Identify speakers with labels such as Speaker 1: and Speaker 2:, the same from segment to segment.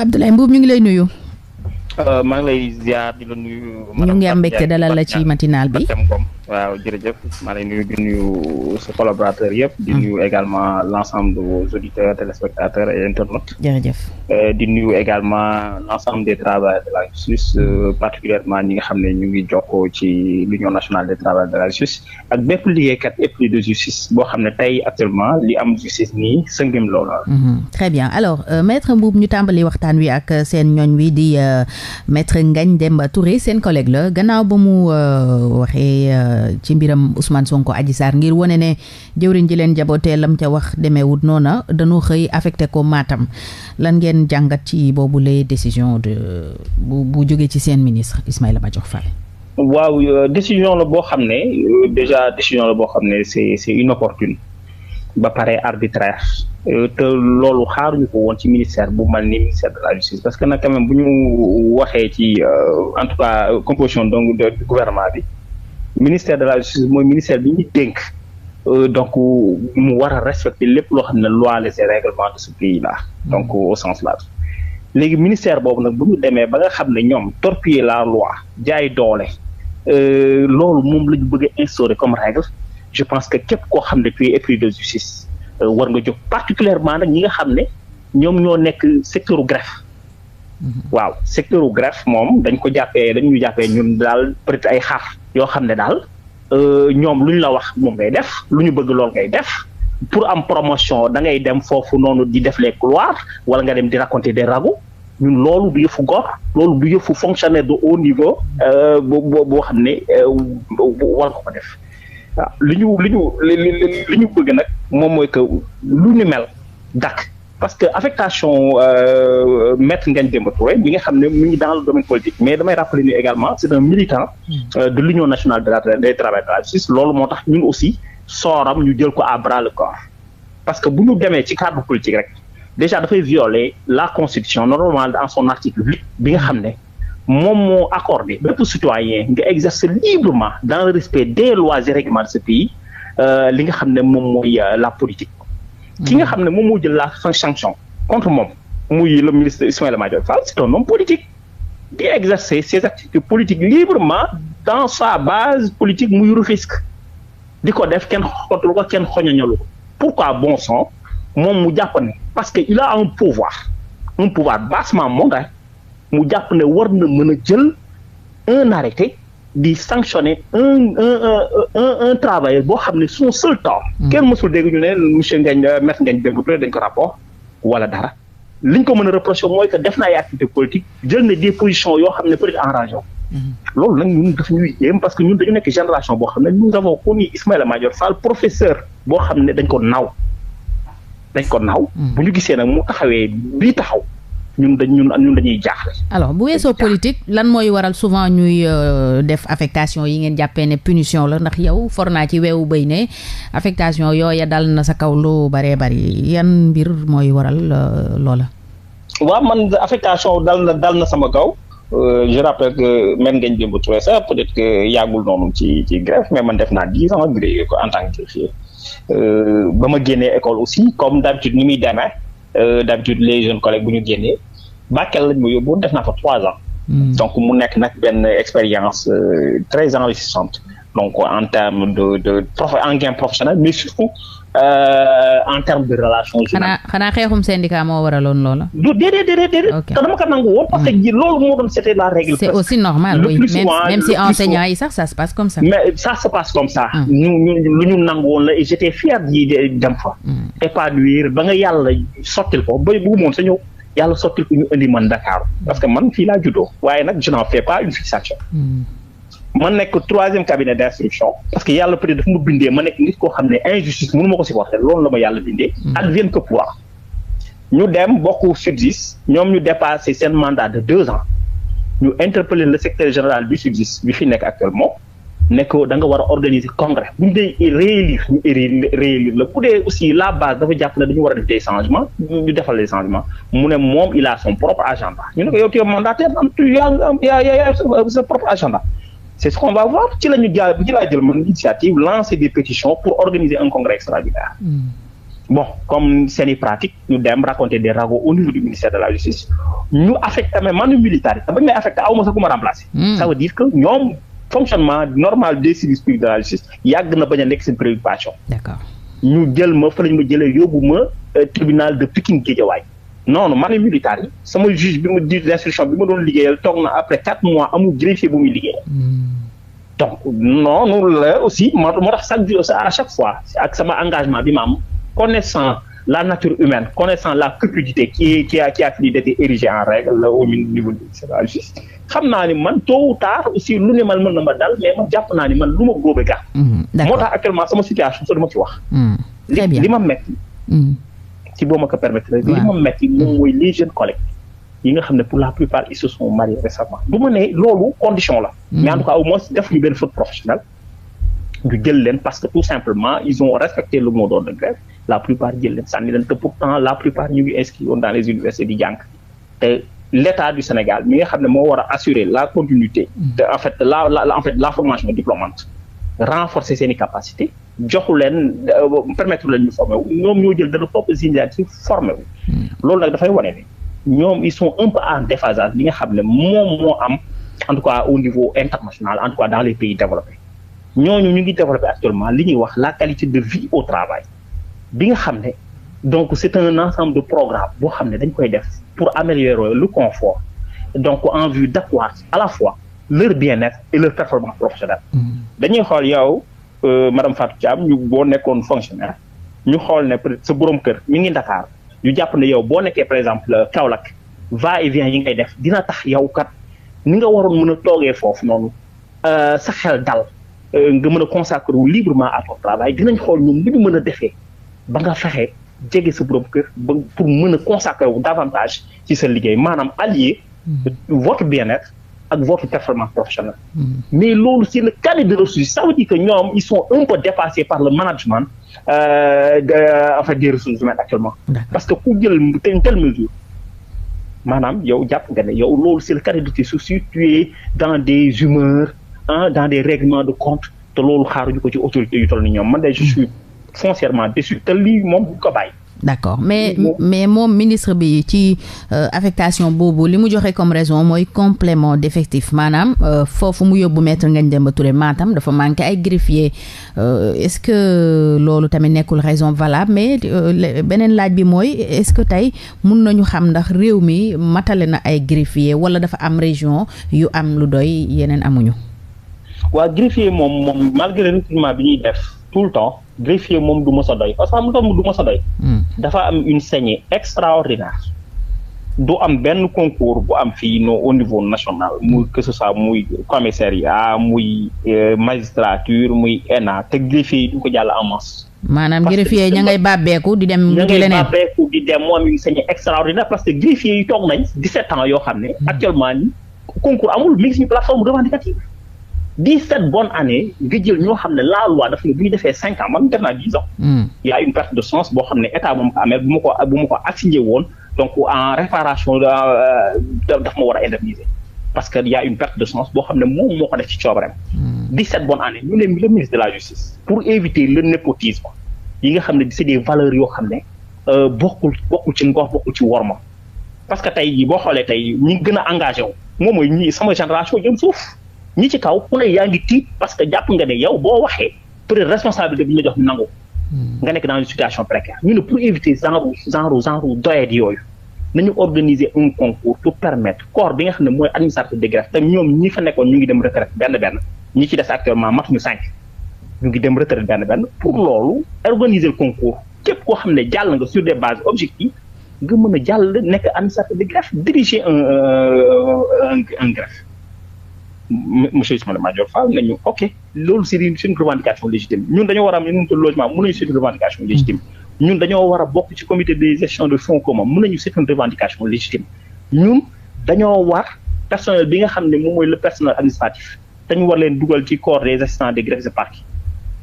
Speaker 1: Abdoulaye Mbuub ñu ngi lay nuyu.
Speaker 2: Euh, maa ngi lay ziar di la nuyu. ñu ngi am mbégte dalal la ci matinal bi. waaw jërëjëf maa lay nuyu di nuyu sa collaborateur yëpp. di hmm. nuyu également l' de vos euh, de la justice euh, particulièrement ñi nga xam ne ñu ngi jokkoo ci l' union nationale des travailleurs de la justice ak bépp liggéeykat et plus de justice boo xam ne tey actuellement li am justice nii sëngim loola.
Speaker 1: Mhm. très bien alors euh, maître Mboup ñu tàmbali waxtaan wi ak seen ñooñ wi di maître Ngagne Demba Touré seen collègue la gannaaw ba mu waxee. ci mbiram Ousmane Sonko aji Sarr ngir wone ne jëwriñ ji leen jabootee lam ca wax demee demeewut noona dañoo xëy affecté ko maatam lan ngeen jàngat ci boobu lay décision de bu bu jógee ci seen ministre Ismaïla jox Fall
Speaker 2: waaw euh, décision la boo xam ne euh, déjà décision la boo xam ne c'est c'est inopportune ba pare arbitraire euh, te loolu xaaruñu ko woon ci ministère bu mal ni ministère de la justice parce que nag quand même bu ñu waxee ci en tout cas composition donc de gouvernement bi ministère de la justice mooy ministère bi ñu dénk euh, donc mu war a respecter lépp loo xam ne loi les règlements de ce pays là donc mm. au sens large léegi ministère boobu nag demee ba nga xam ne ñoom torpiller la loi jaay doole euh, loolu moom la ñu bëgg instaurer comme règle je pense que képp koo xam ne tu es de justice euh, war nga jog particulièrement nag ñi nga xam ne ñoom ñoo nekk secteur greffe waaw secteur u greffe moom dañ ko jàppee dañ jàppee ñun daal peut être ay xaar yoo xam ne daal euh, ñoom lu ñu la wax moom ngay def lu ñu bëgg lool ngay def pour am promotion da ngay dem foofu noonu di def les couloirs wala nga dem di raconter des ragots ñun loolu du yëfu góor loolu du yëfu fonctionnaire de haut niveau euh, boo boo xam ne euh, war nga ko def waaw li ñu li ñu ñu bëgg nag moom mooy que lu ñu mel dakk parce que affectation euh, maître Ngagne Demba Touré mi nga xam ne mu ngi dans le domaine politique mais damay rappeler ni également c'est un militant mm. euh, de l'union nationale de la des travailleurs de la justice loolu moo tax ñun aussi sooram ñu jël ko à bras le corps parce que bu ñu demee ci cadre politique rek déjà dafay violer la constitution normalement en son article bi nga xam ne moom moo accordé bépp citoyen nga exercer librement dans le respect des lois et règlements de ce euh, li nga xam ne moom mooy la politique ki nga xam ne moom moo jël la sanction contre moom muy le ministre Ismaïla Madior Fall c'est un homme politique di exercer ses activités politiques librement dans sa base politique muy Rufisque di ko def kenn xotlu ko kenn xoñoñalu ko pourquoi bon son moom mu jàpp ne parce que il a un pouvoir un pouvoir bassement mondain mu jàpp ne war na mën a jël un arrêté di sanctionner un un un un un boo xam ne son seul temps. Hmm. kenn mësul dégg ñu ne monsieur ngañ euh, maître ngañ Demba Touré dañ ko rapport wala dara liñ ko mën a reprocher mooy que def na ay activité politique jël na des positions yoo xam ne peut être en raison. Hmm. loolu nag ñun daf ñuy yéem parce que ñun dañu nekk génération boo xam ne nous avons connu a Madior fal professeur boo xam ne dañ ko naaw dañ ko naaw. Hmm. bu ñu gisee nag mu taxawee bii taxaw. ñun dañ ñun ñun dañuy jaaxle.
Speaker 1: alors bu weesoo politique lan mooy waral souvent ñuy euh, def affectation yi ngeen jàppee ne punition la ndax yow for naa ci weewu béy ne affectation yooya dal na sa kaw lu baree bari yan mbir mooy waral euh, loola. waaw man
Speaker 2: affectation dal na dal na sama kaw. Euh, je rappelle que même ngeen démb Touré sax peut-être que yàggul noonu ci ci greffe mais man def naa dix ans en tant que greffier ba ma génnee école aussi comme d'habitude ni muy demee. Euh, d'habitude les jeunes collègues bu ñu génnee Bakel lañ ma yóbbu def naa fo trois ans. Hmm. donc mu nekk nag benn expérience euh, très enrichissante donc en terme de de prof en gain professionnel mais surtout. Euh, en termes xanaa
Speaker 1: xanaa xeexum syndicat moo waraloon loola. du déedéet déedéet déedéet. ok te dama ko nangu woon parce que hmm. loolu moo doon c'était la règle. c'est aussi normal oui même même si enseignants yi sax ça se comme ça. mais
Speaker 2: ça se comme ça. Hmm. ñu ñu lu ñu nangu woon la et j'étais fier yi dem fa. Hmm. épanouir ba nga yàlla sottil ko ba bu moom sa ñëw. yàlla sottil ko ñu indi man Dakar parce que man fii laa juddoo waaye nag je n'en pas une fixation. Mm. ma nekk troisième cabinet d' instruction parce que yàlla peut être dafa ma bindee ma nekk nit koo xam ne injustice mënu ma ko supporter loolu la ma yàlla bindee. Hmm. advienne que pourra. ñu dem bokk SUTSIS ñoom ñu dépassé seen mandat de deux ans ñu interpeller le secrétaire général du SUTSIS bi fi nekk actuellement ne ko da war a organiser congrès bu ñu dee réélire ñu réélire la bu dee aussi la base dafa jàpp ne dañu war a def des changements hmm. ñu defal les changements mu ne moom il a son propre ñu ne ko yow tu es mandataire am c'est ce qu'on va voir ci la ñu ci laa jël man initiative lancer des pétitions pour organiser un congrès extraordinaire hmm. bon comme seen pratique ñu dem raconter des ragots au niveau du ministère de la justice ñu affecté mais manu militaire bañ may affecté aw ma sax ku ma remplacer. Hmm. ça veut dire que ñoom fonctionnement normal des services publics de la justice yàgg na bañ a nekk seen préoccupation. d'accord jël ma fa lañ ma jëlee yóbbu ma euh, tribunal de Pikine Guédiawaye non man militaire yi sama juge bi ma di d'instruction bi ma doon liggéeyal toog na après quatre mois amul greffier bu muy liggéeyal. Hmm. donc noonu la aussi moo tax chaque jour à chaque fois ak sama engagement bi ma am connaissant la nature humaine connaissant la cupidité qui qui a qui a fini d'être érigée en règle la au niveau de la justice xam naa ni man tôt ou tard aussi lu ne man mën na ma dal mais naa ni man lu ma góobe gàtt. Hmm. moo tax actuellement ma situation soo ma ci wax. Hmm. li ma metti si boo ma ko permettre. waaw li ma metti moom mooy les jeunes yi nga xam ne pour la plupart ils se sont mariés récemment. du ma ne loolu condition la. Mm. mais en tout cas au moins def ñu benn faute professionnelle. ñu jël leen parce que tout simplement ils ont respecté le mot d'ordre de grève la plupart jël leen sànni leen te pourtant la plupart ñu ngi inscrits woon dans les universités di jàng te l'état du Sénégal mi nga xam ne moo war a assurer la continuité. Mm. de en fait la la en fait la formation diplômante. renforcer seen i capacité joxu leen euh, permettre leen ñu former ñoom ñoo jël de propres initiatives former wu hmm. loolu nag dafay wane ne ñoom ils sont un peu en déphasage li nga xam ne moom moo am en tout cas au niveau international en tout cas dans les pays développés ñooñu ñu ngi développé actuellement li ñuy wax la qualité de vie au travail bi nga xam ne donc c'est un ensemble de programmes boo xam ne dañ koy def pour améliorer le confort donc en vue d'accroître à la fois leur bien-être et leur performance professionnelle. dañuy xool yow euh, madame Fatou Thiam ñu boo nekkoon fonctionnaire ñu xool ne sa borom kër mi ngi Dakar ñu jàpp ne yow boo nekkee par exemple euh, Kaolack va et vient yi ngay def dina tax yow kat ni nga waroon mën a toogee foofu noonu euh, sa xel dal nga mën a consacrer wu librement à ton travail dinañ xool ñoom li ñu mën a defee ba nga fexe jege sa borom kër ba pour mën a consacrer wu davantage ci sa liggéey maanaam allier mm-hmm. votre bien-être ak votre performance professionnelle. Hmm. mais loolu c'est le calibre de leur sujet ça veut dire que ñoom ils sont un peu dépassés par le management euh, de euh, en fait des parce que ku jël une telle mesure. maanaam yow jàpp nga ne yow loolu c'est le calibre de tes soucis tu es dans des humeurs ah dans des règlements de compte te loolu xaaruñu ko ci autorités yu toll ni ñoom man de je hmm. suis foncièrement déçu te
Speaker 1: lii moom bu ko bàyyi. d'accord mais mais moom ministre bi ci euh, affectation boobu li mu joxe comme raison mooy complément d'effectif maanaam euh, foofu mu yóbbu maître Ngagne Demba Touré Matam dafa manqué ay greffier euh, est-ce que loolu tamit nekkul raison valable mais beneen laaj bi mooy est-ce que tey mun nañu xam ndax réew mi matale na ay greffier wala dafa am région yu am lu doy yeneen amuñu.
Speaker 2: waa greffier moom malgré recrutement bi ñuy def greffier moom du mës a doy parce que xam nga du mës a doy. Hmm. dafa am une saignée extraordinaire. du am benn concours bu am fii no au niveau national hmm. muy que ce soit muy commissariat muy euh, magistrature muy ENA te greffier yi du ko jàll en masse.
Speaker 1: maanaam greffier ña ngay bàbbeeku di dem. ñu ngi leneen ña ngay
Speaker 2: bàbbeeku di dem moom une saignée extraordinaire parce que greffier yi toog nañ 17 ans yoo xam ne. Hmm. actuellement nii
Speaker 1: concours amul mi ngi suñu plateforme revendicative.
Speaker 2: di sept bonnes années nga jël ñoo xam ne la loi daf ne bu ñu defee cinq ans man def naa dix ans hmm. il y a de sens boo xam ne état moom ko amee bu ma ko bu ma ko assigné woon donc en réparation euh, daf ma war a indemniser parce que yaa y une perte de sens boo xam ne moom moo ko def ci coobareem hmm. dix-sept bonnes années ñu ne le ministre de la justice pour éviter le népotisme yi nga xam ne c'est des valeurs yoo xam ne euh, bokkul bokkul ci ngor bokkul ci worma parce que tey boo xoolee tey ñi gën a engagé wu moom mooy ñi sama génération jëm suuf ñi ci kaw ku ne yaa ngi tiit parce que jàpp nga ne yow boo waxee peut être responsabilité bi ñu jox nangu. Hmm. nga nekk dans situation précaire ñu ne pour éviter genre genre genre doyade yooyu nañu organiser un concours pour permettre corps bi nga xam ne mooy administrateur de greffe te ñoom ñi fa nekkoon ñu ngi dem retraite benn benn ñi ci des actuellement mat ñu cinq ñu ngi dem retraite benn benn pour loolu organiser le concours képp koo xam ne jàll nga sur des bases objectives nga mën a jàll nekk administrateur de greffe diriger un euh, un greffe monsieur Ismaïla Madior Fall nga ok loolu c'est une revendication ñun dañoo war a am ñun logement revendication légitime ñun dañoo war a bokk ci comité de gestion de fonds communs mun nañu c'est revendication légitime ñun dañoo war personnel bi nga xam ne moom mooy le personnel administratif dañu war leen dugal ci corps des assistants des greffes de parquet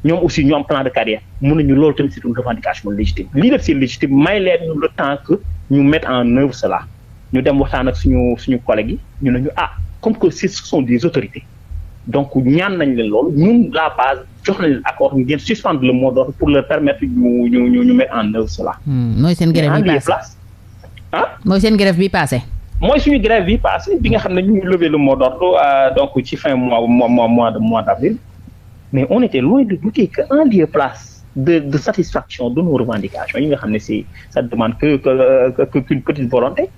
Speaker 2: ñoom aussi ñu am plan de carrière mun nañu loolu tamit c'est une revendication légitime lii def c'est légitime may leen ñu le temps que ñu mettre en œuvre cela ñu dem waxtaan ak suñu suñu collègue yi ñu ñu ah comme que ce sont des autorités donc ñaan nañ leen loolu ñun la base jox nañ leen accord ñu ngeen suspendre le mot d'ordre pour leur permettre ñu ñu ñu en œuvre cela.
Speaker 1: Hmm, mooy seen grève bi paase mooy seen grève bi paase.
Speaker 2: mooy suñu grève bi paase bi nga xam ne ñu ngi lever le mot d'ordre euh, donc ci fin mois mois mois de mois d'avril mais on était loin de douter que en lieu place de satisfaction de nos revendications yi nga xam ne si ça demande que que qu'une petite volonté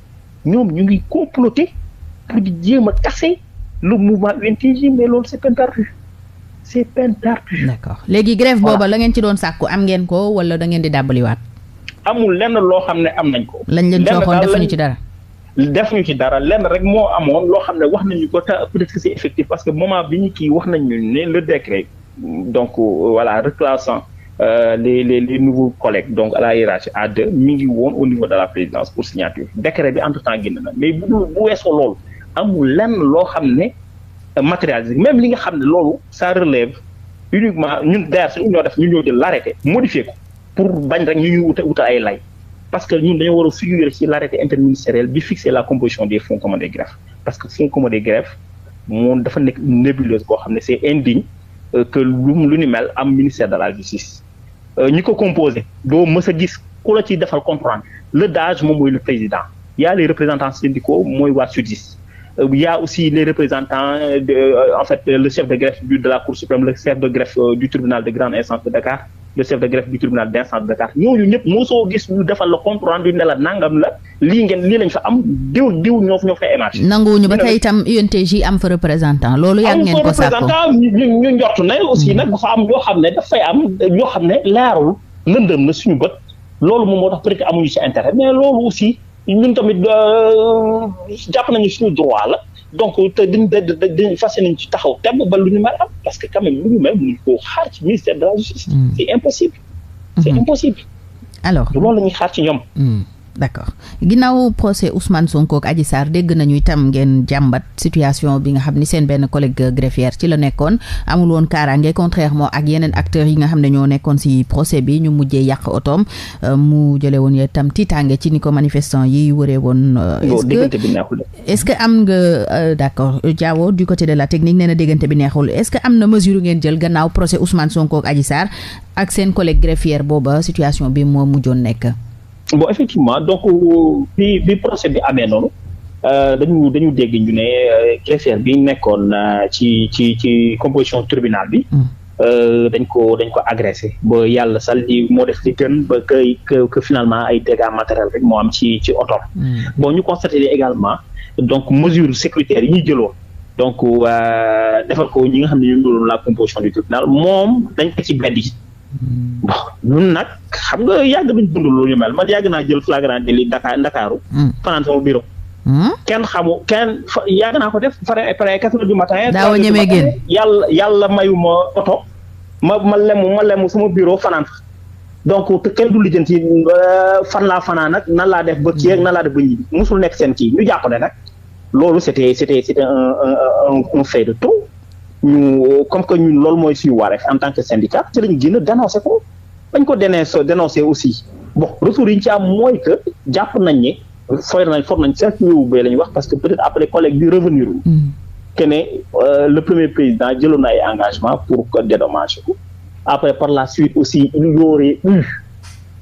Speaker 2: ñoom ñu ngi comploter. bi jéem a casser le mouvement UNTJ mais loolu c'est peine perdue
Speaker 1: c'est peine perdue. d'accord léegi grève booba la ngeen ci doon sàkku am ngeen ko wala da ngeen di dàbbaliwaat.
Speaker 2: amul lenn loo xam ne am nañ ko. lañ leen joxoon defuñu ci dara. defuñu ci dara lenn rek moo amoon loo xam ne wax nañu ko te peut-être que c'est effectif parce que moment bi ñu kii wax nañu ne le décret donc euh, voilà reclassant euh, les les les nouveaux collègues donc à la hiérarchie A2 mi ngi woon au niveau de la présidence pour signature décret bi entre temps génn weesoo loolu. amul lenn loo xam ne euh, matérialisé même li nga xam ne loolu ça relève uniquement ñun d'ailleurs suñu ñoo def ñu ñoo jël l'arrêté modifié ko pour bañ rek ñu ñuy wuta wuta ay lay parce que ñun dañoo war a figurer ci l'arrêté interministériel bi fixer la composition des fonds communs des greffes parce que fonds communs des greffes moom dafa nekk nébuleuse boo xam ne c'est indigne euh, que lu lu ni mel am ministère de la justice euh, ñi ko composé doo mës a gis ku la ciy defal comprendre le DAGE moom le président y a les représentants syndicaux mooy waa SUDIS il euh, y a aussi les représentants euh, de, euh, en fait le chef de greffe du de la Cour suprême le chef de greffe du tribunal de grande instance de Dakar le chef de greffe du tribunal d'instance de Dakar ñooñu ñëpp moo gis ñu defal la comprendre yu ne nangam la lii ngeen lii lañ fa am diw diw ñoo ñoo fa émargé. nanguwuñu ba tey
Speaker 1: itam UNTJ am fa représentant loolu. yàgg ngeen ko sàkko am ñu
Speaker 2: ñu njort ne aussi nag dafa am yoo xam ne dafay am yoo xam ne leerul lëndëm na loolu moom moo tax peut-être ñun tamit euh, jàpp nañu suñu droit la donc te dañ dañ fas nañ ci taxaw temm ba lu ñu mel am parce que quand même lu ñu mel mënuñu ci ministère de la justice. Mm. c'est impossible. c'est mm-hmm. impossible. alors loolu la ñuy xaar ci
Speaker 1: ñoom. Mm. d'accord ginnaaw procès Ousmane Sonko ak Adji dégg nañu itam ngeen jàmbat situation bi nga xam ni seen benn collègue greffière ci la nekkoon amul woon kaaraange contrairement ak yeneen yi nga xam ne ñoo nekkoon si procès bi ñu mujjee yàq otoom euh, mu jële woon yow itam tiitaange ci ni ko manifestant yi wëree woon. Euh, est-ce que am nga euh, d'accord Diawo du côté de la technique nee na bi neexul est-ce que am na mesure ngeen jël gannaaw procès Ousmane Sonko ak Adji ak seen collègue greffière booba situation bi moo mujjoon nekk.
Speaker 2: bon effectivement donc bi bi procès bi amee noonu euh, dañu dañu dégg ñu ne euh, greffier bi nekkoon euh, ci ci ci composition tribunal bi. Hmm. dañ ko dañ ko agressé ba yàlla sal di moo def li gën ba kay que finalement ay dégâts matériels rek moo am ci ci oto. Hmm. bon ñu constaté également donc mesures sécuritaires yi ñuy jëloon. donc defar ko ñi nga xam ne ñu ngi la composition du tribunal moom dañ ko ci beddi bon ñun nag xam nga yàgg nañ dund lu ñu mel man yàgg naa jël flagrant délit Dakar Ndakaaru. Hmm. fanaan sama bureau. Hmm? kenn xamu ken fa yàgg naa ko def pare pare quatre matin. daaw a ñemee génn yàlla yàlla mayu ma oto. ma ma lemu ma lemu sama bureau fanaan fa. donc te kenn du si euh, fan laa fanaan nag nan laa def ba kii hmm. na laa def ba ñibbi musul nekk seen kii ñu jàpp ne nag loolu c'était c'était c'était un ñu euh, comme que ñun loolu mooy suñu wareef en tant que syndicat ci lañu génn dénoncé ko bañ ko dénoncé dénoncé aussi bo retour yi ñu ci am mooy que jàpp nañ ne foy nañ for nañ cinq mille bay la ñu wax parce que peut-être après collègue bi revenir u mm. que ne euh, le premier président jëloon na ay engagement pour que dédommager ko après par la suite aussi il y aurait eu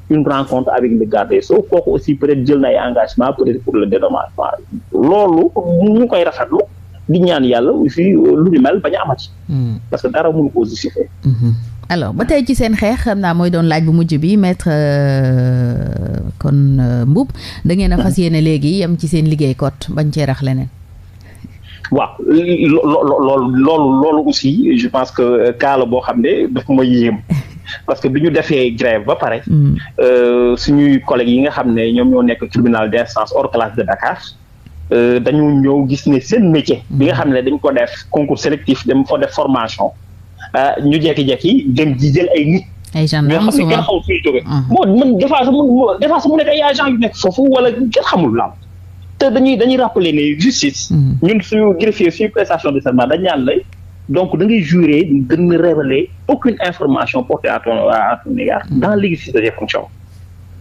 Speaker 2: une rencontre avec le garde des Sceaux kooku aussi peut-être jël na ay engagement peut-être pour le dédommagement loolu ñu koy rafetlu di ñaan yàlla aussi euh, lu ñu mel bañ a amati. Hmm. parce que dara mënu ko justifier. Hmm.
Speaker 1: alors ba tey ci seen xeex xam naa mooy doon laaj bu mujj bi maître euh, kon euh, Mboup da ngeen a fas yéene léegi yam ci seen liggéey kot bañ cee rax leneen.
Speaker 2: waaw loolu loolu loolu aussi je pense que kaala boo xam ne daf ma yéem parce que bi ñu defee grève ba pare. Hmm. suñuy collègues yi nga xam ne ñoom ñoo nekk tribunal d'instance hors classe de Dakar. Euh, dañu ñëw gis ne seen métier. bi nga mm-hmm. xam ne dañ ko def concours sélectif dem fa def formation euh, ñu jekki-jekki dem ji ay nit.
Speaker 1: ay gendarmes souvent nga xam
Speaker 2: ne kenn xamul mm-hmm. man des fois mu des fois mu nekk ay agent yu nekk foofu wala kenn xamul lan. te dañuy dañuy rappeler ne justice. Mm-hmm. ñun suñu greffier suñu prestation de serment dañ ñaan la donc da ngay jurer gën a révéler aucune information portée à ton à ton égard. dans l'exercice de ses fonctions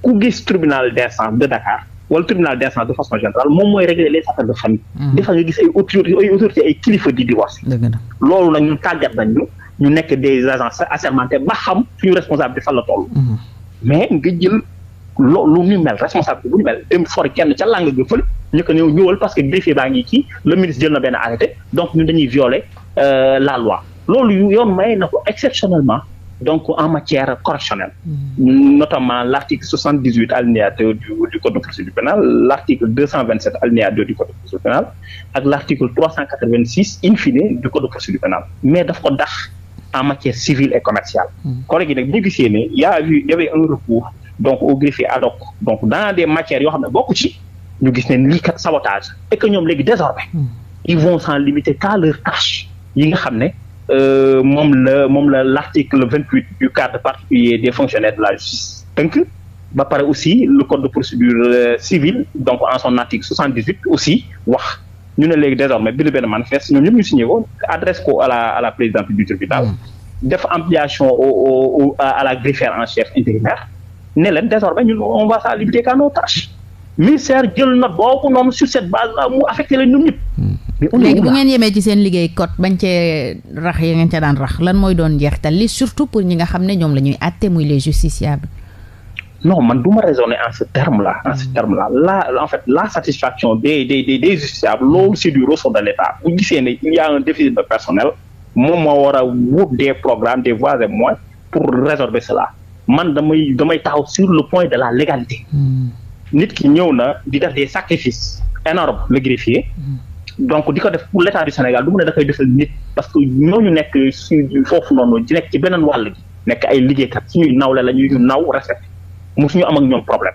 Speaker 2: ku gis tribunal d'instance de Dakar. wala tribunal d'instance de façon générale moom mooy régler les affaires de famille. Mhm. des fois nga gis ay autorités kilifa di divorce. loolu nag tàggat nañ ñu nekk des agents assermentés ba xam suñu responsabilité fan la toll. Mhm. mais nga jël loolu ñu mel responsabilité bu ñu mel dem for kenn ca làng ga fële ñu ko ñëw parce que greffier baa ngi ci le ministre jël na benn arrêté donc ñu dañuy violer euh, la loi loolu yoon may na ko exceptionnellement. donc en matière correctionnelle mm. notamment l'article 78 alinéa 2 du, du code de procédure pénale l'article 227 alinéa 2 du code de procédure pénale ak l'article 386 in fine du code de procédure pénale mais daf ko dax en matière civile et commerciale mm. collègue yi nag ñu gisee ne ya a eu un recours donc au greffier ad donc dans des matières yoo xam ne bokku ci ñu gis ne lii kat sabotage et que ñoom léegi désormais mm. ils vont s'en limiter qu'à leur tâche yi nga xam ne Euh, moom la moom la l' article vingt huit du cadre particulier des fonctionnaires de la justice tënk ba pare aussi le code de procédure euh, civile donc en son article soixante dix huit aussi wax ñu ne léegi désormais bind benn manifeste ñoom ñëpp ñu signé ko adresse à la à la présidente du tribunal hmm. def ampliation à la greffière en chef intérimaire ne leen désormais ñun on va s'en limiter qu'à nos tâches ministère jël note mais on léegi bu ngeen
Speaker 1: yemee ci seen liggéey cot bañ cee rax ya ngeen ca daan rax lan mooy doon njeextal li surtout pour ñi nga xam ne ñoom lañuy ñuy àtte muy les justiciables non
Speaker 2: man du ma raisonner en ce terme là en ce terme là la en fait la satisfaction des des des, des justiciables loolu c'est du ressort de l'État bu gisee ne il y a un personnel moom moo war a wut des programmes des voies et moyens pour résorber cela man damay damay taxaw sur le point de la légalité hmm. nit ki ñëw na di def des sacrifices énormes le greffier hmm. donc di ko def pour l'état du Sénégal du mu ne da koy nit parce que ñooñu nekk foofu noonu di nekk ci beneen wàll gi nekk ay liggéey liggéeykat suñuy nawle la ñu naw respect mosuñu am ak ñoom problème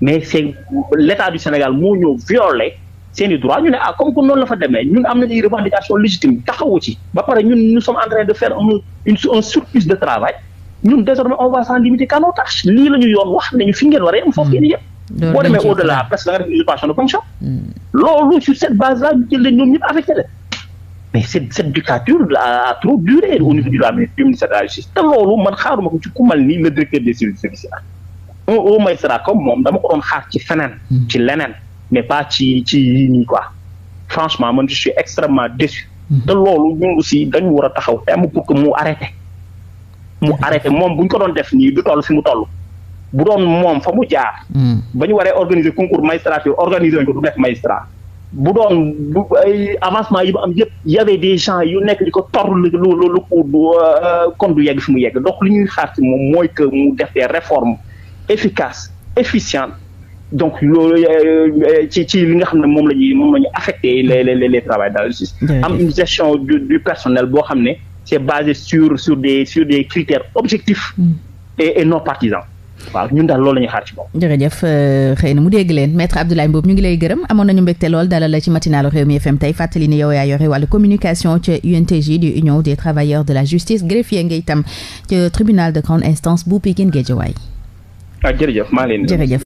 Speaker 2: mais c'est l'état du Sénégal moo ñëw violé seen i droit ñu ne ah comme que noonu la fa demee ñun am nañu revendication légitime taxawu ci ba pare ñun nous sommes en train de faire un une un surplus de travail ñun désormais on va s'en limiter ñu yoon wax nañu fi ngeen waree am foofu ngeen yëpp boo demee au delà parce que da nga def usurpation de fonction. Hmm. loolu sur cette base là ñu jël leen ñoom ñëpp affecté leen. mais cette cette dictature là a trop duré au de la justice te loolu man xaaruma ko ci ku mal ni le directeur des services comme moom dama ko doon xaar ci feneen. Hmm. ci leneen mais pas ci ci yii nii quoi franchement man je suis extrêmement déçu. Hmm. te loolu ñun aussi dañu war a taxaw temm pour que mu arrêté. mu arrêté moom bu ñu ko doon def nii du toll fi mu toll. bu doon moom fa mu jaar. Hmm. ba ñu waree organiser concours magistrature organiser nañ ko du nekk magistrat. bu doon bu ay avancement yi mu am yëpp y avait des gens yu nekk di ko tor lu lu lu kon euh, du yegg fi mu yegg donc lu ñuy xaar ci moom mooy que mu def des réformes efficaces efficientes donc loolu euh, euh, ci ci li nga xam ne moom la ñuy moom la ñuy affecté les les les travailleurs de am une gestion du du personnel boo xam ne c'est basé sur sur des sur des critères objectifs. Hmm. et non partisans. waaw ñun daal loolu la
Speaker 1: ñuy ci moom. jërëjëf euh, xëy na mu dégg leen maître Abdoulaye Mboup ñu ngi lay gërëm amoon nañu mbégte lool dalal la ci matinalu Rewmi FM tey fàttali ni yow yaa yore wàllu communication ca UNTJ du Union des travailleurs de la justice greffier ngay tam ca tribunal de grande instance bu Pikine Guédiawaye. ah jërëjëf
Speaker 2: maa leen jërëjëf.